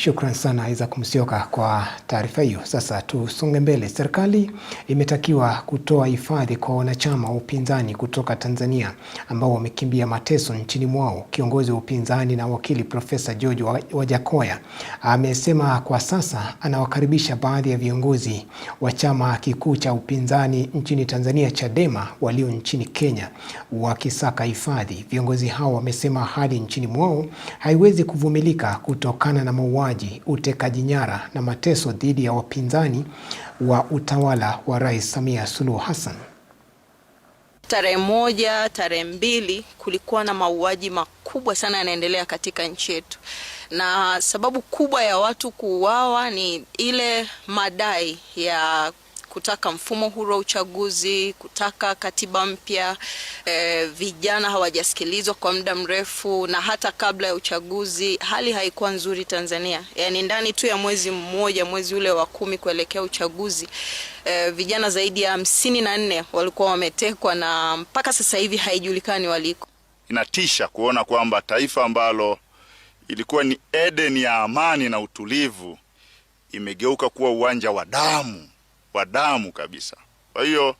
Shukran sana Isaac Musyoka kwa taarifa hiyo. Sasa tusonge mbele. Serikali imetakiwa kutoa hifadhi kwa wanachama wa upinzani kutoka Tanzania ambao wamekimbia mateso nchini mwao. Kiongozi wa upinzani na wakili Profesa George wajakoya amesema kwa sasa anawakaribisha baadhi ya viongozi wa chama kikuu cha upinzani nchini Tanzania Chadema walio nchini Kenya wakisaka hifadhi. Viongozi hao wamesema hali nchini mwao haiwezi kuvumilika kutokana na mauaji mauaji, utekaji nyara na mateso dhidi ya wapinzani wa utawala wa Rais Samia Suluhu Hassan. Tarehe moja, tarehe mbili kulikuwa na mauaji makubwa sana yanaendelea katika nchi yetu, na sababu kubwa ya watu kuuawa ni ile madai ya kutaka mfumo huru wa uchaguzi, kutaka katiba mpya. E, vijana hawajasikilizwa kwa muda mrefu, na hata kabla ya uchaguzi hali haikuwa nzuri Tanzania. Yani ndani tu ya mwezi mmoja, mwezi ule wa kumi kuelekea uchaguzi e, vijana zaidi ya hamsini na nne walikuwa wametekwa na mpaka sasa hivi haijulikani waliko. Inatisha kuona kwamba taifa ambalo ilikuwa ni Eden ya amani na utulivu imegeuka kuwa uwanja wa damu wa damu kabisa. Kwa hiyo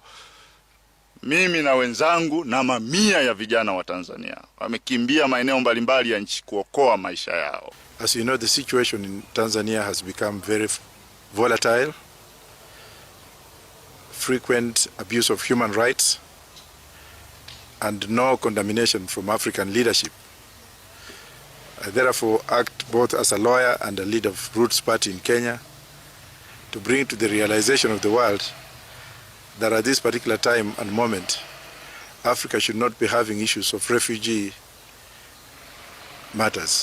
mimi na wenzangu na mamia ya vijana wa Tanzania wamekimbia maeneo mbalimbali ya nchi kuokoa maisha yao. As you know, the situation in Tanzania has become very volatile. Frequent abuse of human rights and no condemnation from African leadership. I therefore act both as a lawyer and a leader of Roots Party in Kenya to bring to the realization of the world that at this particular time and moment Africa should not be having issues of refugee matters.